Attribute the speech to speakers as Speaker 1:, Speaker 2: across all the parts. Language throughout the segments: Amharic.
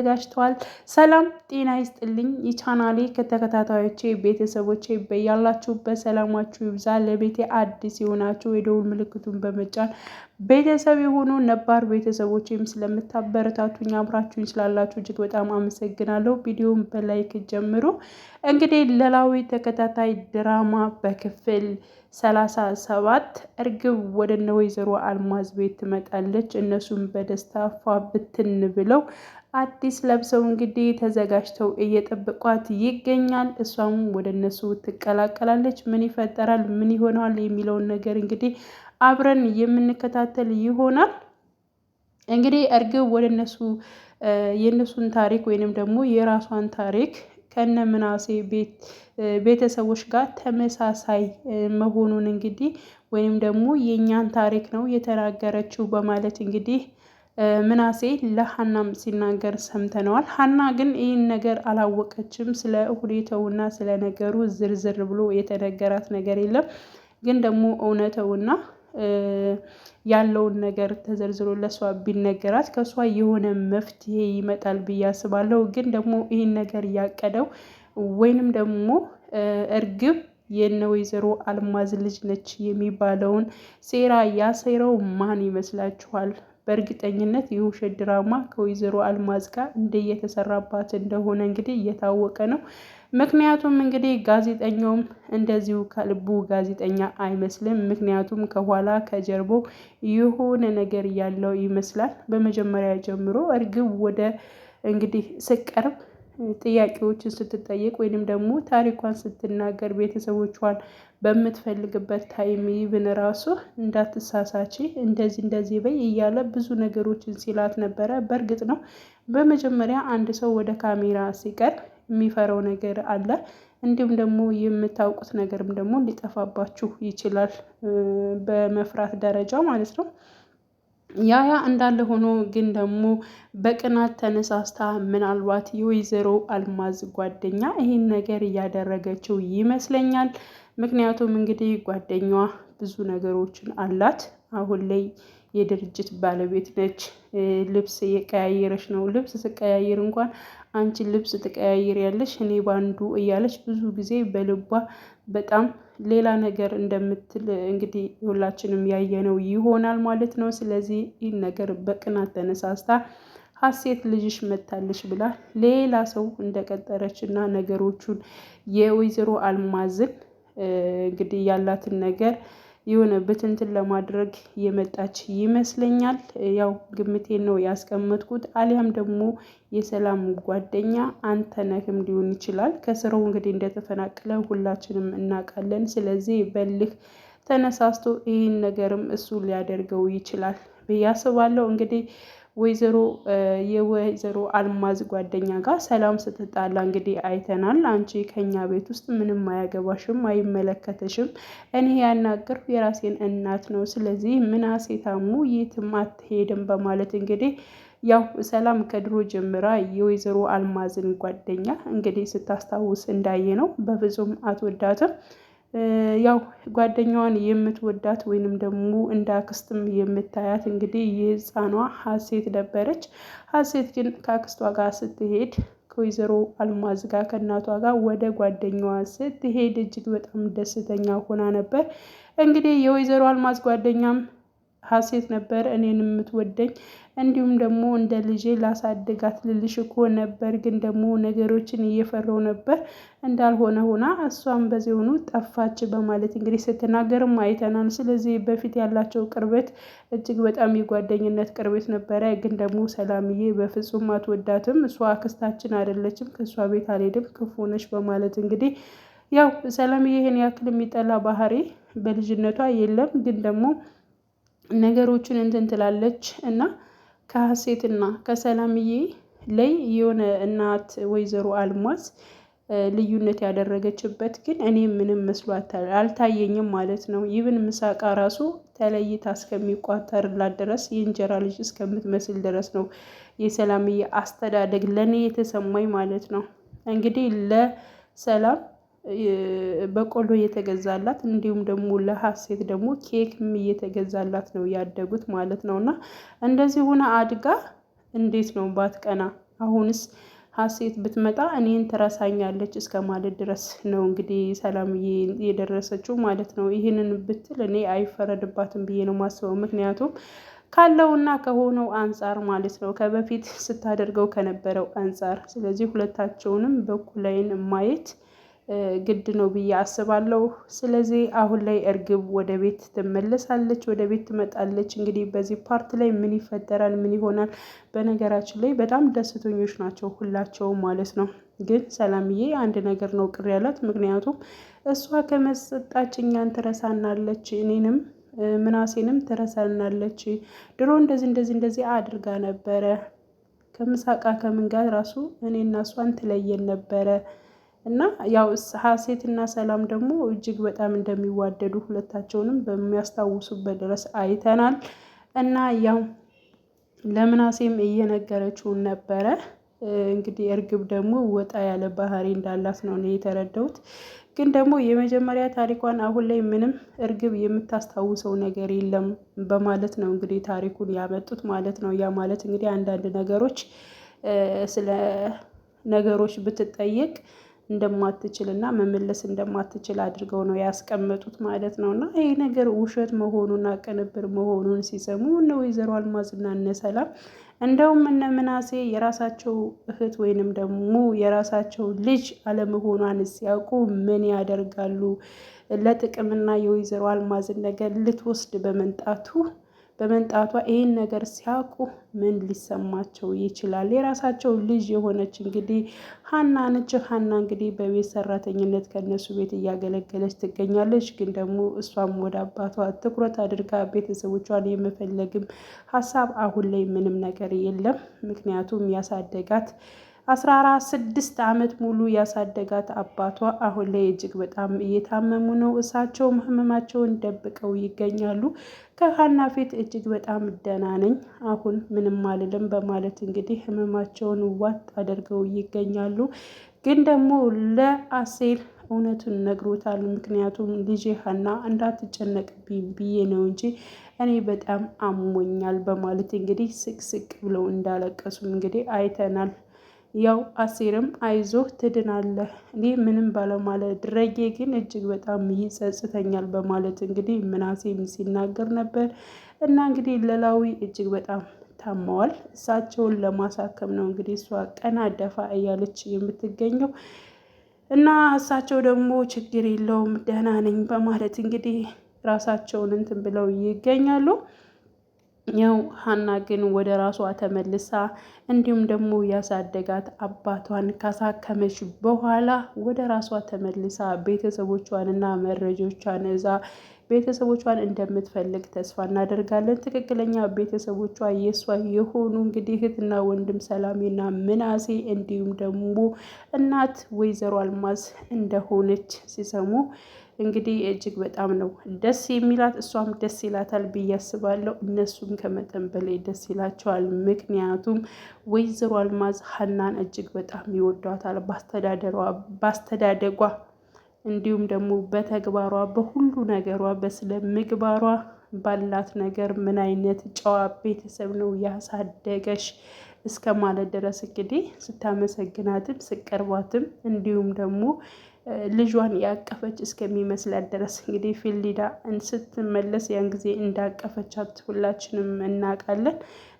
Speaker 1: ተዘጋጅተዋል። ሰላም ጤና ይስጥልኝ የቻናሌ ከተከታታዮቼ ቤተሰቦቼ በያላችሁበት ሰላማችሁ ይብዛ። ለቤቴ አዲስ የሆናችሁ የደውል ምልክቱን በመጫን ቤተሰብ የሆኑ ነባር ቤተሰቦችም ስለምታበረታቱኝ አብራችሁኝ ስላላችሁ እጅግ በጣም አመሰግናለሁ። ቪዲዮን በላይክ ጀምሩ። እንግዲህ ኖላዊ ተከታታይ ድራማ በክፍል ሰላሳ ሰባት እርግብ ወደ እነ ወይዘሮ አልማዝ ቤት ትመጣለች። እነሱም በደስታ ፏ ብትን ብለው አዲስ ለብሰው እንግዲህ ተዘጋጅተው እየጠበቋት ይገኛል። እሷም ወደ እነሱ ትቀላቀላለች። ምን ይፈጠራል፣ ምን ይሆናል የሚለውን ነገር እንግዲህ አብረን የምንከታተል ይሆናል። እንግዲህ እርግብ ወደ እነሱ የእነሱን ታሪክ ወይንም ደግሞ የራሷን ታሪክ ከነ ምናሴ ቤተሰቦች ጋር ተመሳሳይ መሆኑን እንግዲህ ወይንም ደግሞ የእኛን ታሪክ ነው የተናገረችው በማለት እንግዲህ ምናሴ ለሀናም ሲናገር ሰምተነዋል። ሀና ግን ይህን ነገር አላወቀችም። ስለ ሁኔታውና ስለ ነገሩ ዝርዝር ብሎ የተነገራት ነገር የለም። ግን ደግሞ እውነተውና ያለውን ነገር ተዘርዝሮ ለእሷ ቢነገራት ከእሷ የሆነ መፍትሄ ይመጣል ብዬ አስባለሁ። ግን ደግሞ ይህን ነገር ያቀደው ወይንም ደግሞ እርግብ የነ ወይዘሮ አልማዝ ልጅ ነች የሚባለውን ሴራ ያሴረው ማን ይመስላችኋል? በእርግጠኝነት የውሸት ድራማ ከወይዘሮ አልማዝ ጋር እንደየተሰራባት እንደሆነ እንግዲህ እየታወቀ ነው። ምክንያቱም እንግዲህ ጋዜጠኛውም እንደዚሁ ከልቡ ጋዜጠኛ አይመስልም። ምክንያቱም ከኋላ ከጀርቦ የሆነ ነገር ያለው ይመስላል። በመጀመሪያ ጀምሮ እርግብ ወደ እንግዲህ ስቀርብ ጥያቄዎችን ስትጠይቅ ወይንም ደግሞ ታሪኳን ስትናገር ቤተሰቦቿን በምትፈልግበት ታይም ይብን ራሱ እንዳትሳሳች እንደዚህ እንደዚህ በይ እያለ ብዙ ነገሮችን ሲላት ነበረ። በእርግጥ ነው በመጀመሪያ አንድ ሰው ወደ ካሜራ ሲቀርብ የሚፈራው ነገር አለ። እንዲሁም ደግሞ የምታውቁት ነገርም ደግሞ ሊጠፋባችሁ ይችላል በመፍራት ደረጃ ማለት ነው። ያ ያ እንዳለ ሆኖ ግን ደግሞ በቅናት ተነሳስታ ምናልባት የወይዘሮ አልማዝ ጓደኛ ይህን ነገር እያደረገችው ይመስለኛል። ምክንያቱም እንግዲህ ጓደኛዋ ብዙ ነገሮችን አላት። አሁን ላይ የድርጅት ባለቤት ነች። ልብስ የቀያየረች ነው። ልብስ ስቀያየር እንኳን አንቺ ልብስ ትቀያየር ያለች እኔ ባንዱ እያለች ብዙ ጊዜ በልቧ በጣም ሌላ ነገር እንደምትል እንግዲህ ሁላችንም ያየነው ይሆናል ማለት ነው። ስለዚህ ይህን ነገር በቅናት ተነሳስታ ሀሴት ልጅሽ መታለች ብላ ሌላ ሰው እንደቀጠረች እና ነገሮቹን የወይዘሮ አልማዝን እንግዲህ ያላትን ነገር የሆነ ብትንትን ለማድረግ የመጣች ይመስለኛል። ያው ግምቴን ነው ያስቀመጥኩት። አሊያም ደግሞ የሰላም ጓደኛ አንተነህም ሊሆን ይችላል። ከስራው እንግዲህ እንደተፈናቀለ ሁላችንም እናውቃለን። ስለዚህ በልህ ተነሳስቶ ይህን ነገርም እሱ ሊያደርገው ይችላል ብዬ አስባለሁ እንግዲህ ወይዘሮ የወይዘሮ አልማዝ ጓደኛ ጋር ሰላም ስትጣላ እንግዲህ አይተናል። አንቺ ከኛ ቤት ውስጥ ምንም አያገባሽም፣ አይመለከተሽም። እኔ ያናገር የራሴን እናት ነው። ስለዚህ ምናሴ ታሞ የትም አትሄድም በማለት እንግዲህ ያው ሰላም ከድሮ ጀምራ የወይዘሮ አልማዝን ጓደኛ እንግዲህ ስታስታውስ እንዳየ ነው። በብዙም አትወዳትም። ያው ጓደኛዋን የምትወዳት ወይንም ደግሞ እንደ አክስትም የምታያት እንግዲህ የህፃኗ ሀሴት ነበረች። ሀሴት ግን ከአክስቷ ጋር ስትሄድ ከወይዘሮ አልማዝ ጋር ከእናቷ ጋር ወደ ጓደኛዋ ስትሄድ እጅግ በጣም ደስተኛ ሆና ነበር። እንግዲህ የወይዘሮ አልማዝ ጓደኛም ሀሴት ነበር እኔን የምትወደኝ እንዲሁም ደግሞ እንደ ልጄ ላሳድጋት ልልሽ እኮ ነበር፣ ግን ደግሞ ነገሮችን እየፈራው ነበር እንዳልሆነ ሆና እሷም ሆኑ ጠፋች በማለት እንግዲህ ስትናገርም አይተናል። ስለዚህ በፊት ያላቸው ቅርበት እጅግ በጣም የጓደኝነት ቅርበት ነበረ። ግን ደግሞ ሰላምዬ በፍጹም አትወዳትም። እሷ አክስታችን አይደለችም፣ ከእሷ ቤት አልሄድም፣ ክፉ ነች በማለት እንግዲህ ያው ሰላምዬ ይህን ያክል የሚጠላ ባህሪ በልጅነቷ የለም ግን ደግሞ ነገሮችን እንትን ትላለች እና ከሀሴትና ከሰላምዬ ላይ የሆነ እናት ወይዘሮ አልማዝ ልዩነት ያደረገችበት ግን እኔ ምንም መስሎ አልታየኝም ማለት ነው። ይብን ምሳቃ ራሱ ተለይታ እስከሚቋጠርላት ድረስ የእንጀራ ልጅ እስከምትመስል ድረስ ነው የሰላምዬ አስተዳደግ ለእኔ የተሰማኝ ማለት ነው። እንግዲህ ለሰላም በቆሎ እየተገዛላት እንዲሁም ደግሞ ለሀሴት ደግሞ ኬክም እየተገዛላት ነው ያደጉት ማለት ነው። እና እንደዚህ ሆነ አድጋ እንዴት ነው ባትቀና? አሁንስ ሀሴት ብትመጣ እኔን ትረሳኛለች እስከ ማለት ድረስ ነው እንግዲህ ሰላም የደረሰችው ማለት ነው። ይህንን ብትል እኔ አይፈረድባትም ብዬ ነው ማስበው። ምክንያቱም ካለውና ከሆነው አንጻር ማለት ነው፣ ከበፊት ስታደርገው ከነበረው አንጻር። ስለዚህ ሁለታቸውንም በኩል ማየት ግድ ነው ብዬ አስባለሁ። ስለዚህ አሁን ላይ እርግብ ወደ ቤት ትመለሳለች ወደ ቤት ትመጣለች። እንግዲህ በዚህ ፓርት ላይ ምን ይፈጠራል ምን ይሆናል? በነገራችን ላይ በጣም ደስተኞች ናቸው ሁላቸውም ማለት ነው። ግን ሰላምዬ አንድ ነገር ነው ቅር ያላት ምክንያቱም እሷ ከመሰጣች እኛን ትረሳናለች እኔንም ምናሴንም ትረሳናለች። ድሮ እንደዚህ እንደዚህ እንደዚህ አድርጋ ነበረ ከምሳቃ ከምን ጋር ራሱ እኔና እሷን ትለየን ነበረ እና ያው ሀሴትና ሰላም ደግሞ እጅግ በጣም እንደሚዋደዱ ሁለታቸውንም በሚያስታውሱበት ድረስ አይተናል። እና ያው ለምናሴም እየነገረችውን ነበረ። እንግዲህ እርግብ ደግሞ ወጣ ያለ ባህሪ እንዳላት ነው የተረዳውት የተረዳሁት። ግን ደግሞ የመጀመሪያ ታሪኳን አሁን ላይ ምንም እርግብ የምታስታውሰው ነገር የለም በማለት ነው እንግዲህ ታሪኩን ያመጡት ማለት ነው። ያ ማለት እንግዲህ አንዳንድ ነገሮች ስለ ነገሮች ብትጠየቅ እንደማትችልና መመለስ እንደማትችል አድርገው ነው ያስቀመጡት ማለት ነው። እና ይሄ ነገር ውሸት መሆኑና ቅንብር መሆኑን ሲሰሙ እነ ወይዘሮ አልማዝና እነ ሰላም እንደውም እነ ምናሴ የራሳቸው እህት ወይንም ደግሞ የራሳቸው ልጅ አለመሆኗን ሲያውቁ ምን ያደርጋሉ? ለጥቅምና የወይዘሮ አልማዝን ነገር ልትወስድ በመምጣቱ በመንጣቷ ይህን ነገር ሲያውቁ ምን ሊሰማቸው ይችላል? የራሳቸው ልጅ የሆነች እንግዲህ ሀና ነች። ሀና እንግዲህ በቤት ሰራተኝነት ከነሱ ቤት እያገለገለች ትገኛለች። ግን ደግሞ እሷም ወደ አባቷ ትኩረት አድርጋ ቤተሰቦቿን የመፈለግም ሀሳብ አሁን ላይ ምንም ነገር የለም። ምክንያቱም ያሳደጋት አስራ ስድስት ዓመት ሙሉ ያሳደጋት አባቷ አሁን ላይ እጅግ በጣም እየታመሙ ነው። እሳቸውም ህመማቸውን ደብቀው ይገኛሉ። ከሀና ፊት እጅግ በጣም ደህና ነኝ፣ አሁን ምንም አልልም በማለት እንግዲህ ህመማቸውን ዋጥ አድርገው ይገኛሉ። ግን ደግሞ ለአሴል እውነቱን ነግሮታል። ምክንያቱም ልጄ ሀና እንዳትጨነቅብኝ ብዬ ነው እንጂ እኔ በጣም አሞኛል በማለት እንግዲህ ስቅስቅ ብለው እንዳለቀሱም እንግዲህ አይተናል። ያው አሴርም አይዞህ ትድናለህ፣ እኔ ምንም ባለማለት ድረጌ ግን እጅግ በጣም ይጸጽተኛል በማለት እንግዲህ ምናሴም ሲናገር ነበር። እና እንግዲህ ኖላዊ እጅግ በጣም ታመዋል። እሳቸውን ለማሳከም ነው እንግዲህ እሷ ቀና ደፋ እያለች የምትገኘው። እና እሳቸው ደግሞ ችግር የለውም ደህና ነኝ በማለት እንግዲህ ራሳቸውን እንትን ብለው ይገኛሉ። ያው ሀና ግን ወደ ራሷ ተመልሳ እንዲሁም ደግሞ ያሳደጋት አባቷን ካሳከመች በኋላ ወደ ራሷ ተመልሳ ቤተሰቦቿንና መረጆቿን እዛ ቤተሰቦቿን እንደምትፈልግ ተስፋ እናደርጋለን። ትክክለኛ ቤተሰቦቿ የእሷ የሆኑ እንግዲህ እህትና ወንድም ሰላሜና ምናሴ እንዲሁም ደግሞ እናት ወይዘሮ አልማዝ እንደሆነች ሲሰሙ እንግዲህ እጅግ በጣም ነው ደስ የሚላት፣ እሷም ደስ ይላታል ብዬ አስባለሁ። እነሱም ከመጠን በላይ ደስ ይላቸዋል። ምክንያቱም ወይዘሮ አልማዝ ሀናን እጅግ በጣም ይወዷታል። ባስተዳደጓ እንዲሁም ደግሞ በተግባሯ፣ በሁሉ ነገሯ፣ በስለ ምግባሯ ባላት ነገር ምን አይነት ጨዋ ቤተሰብ ነው ያሳደገሽ እስከ ማለት ድረስ እንግዲህ ስታመሰግናትም ስቀርባትም እንዲሁም ደግሞ ልጇን ያቀፈች እስከሚመስላት ድረስ እንግዲህ ፊሊዳ ስትመለስ ያን ጊዜ እንዳቀፈቻት ሁላችንም እናውቃለን።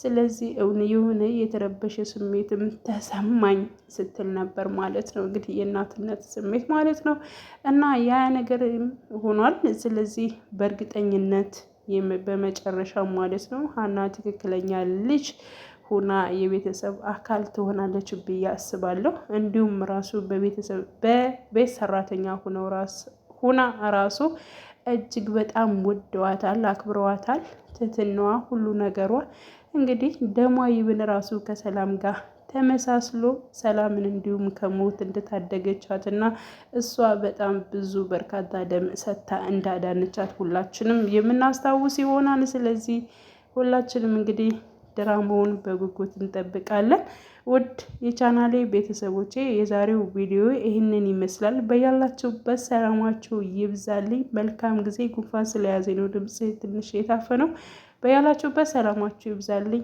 Speaker 1: ስለዚህ እውን የሆነ የተረበሸ ስሜትም ተሰማኝ ስትል ነበር ማለት ነው። እንግዲህ የእናትነት ስሜት ማለት ነው እና ያ ነገር ሆኗል። ስለዚህ በእርግጠኝነት በመጨረሻ ማለት ነው ሀና ትክክለኛ ልጅ ሆና የቤተሰብ አካል ትሆናለች ብዬ አስባለሁ። እንዲሁም ራሱ በቤተሰብ በቤት ሰራተኛ ሆነው ራስ ሁና ራሱ እጅግ በጣም ወደዋታል፣ አክብረዋታል። ትትናዋ ሁሉ ነገሯ እንግዲህ ደሟ ይብን ራሱ ከሰላም ጋር ተመሳስሎ ሰላምን እንዲሁም ከሞት እንደታደገቻት እና እሷ በጣም ብዙ በርካታ ደም ሰታ እንዳዳነቻት ሁላችንም የምናስታውስ ይሆናል። ስለዚህ ሁላችንም እንግዲህ ድራማውን በጉጉት እንጠብቃለን። ውድ የቻናሌ ቤተሰቦቼ የዛሬው ቪዲዮ ይህንን ይመስላል። በያላችሁበት ሰላማችሁ ይብዛልኝ። መልካም ጊዜ። ጉንፋን ስለያዘ ነው ድምፅ ትንሽ የታፈነው። በያላችሁበት ሰላማችሁ ይብዛልኝ።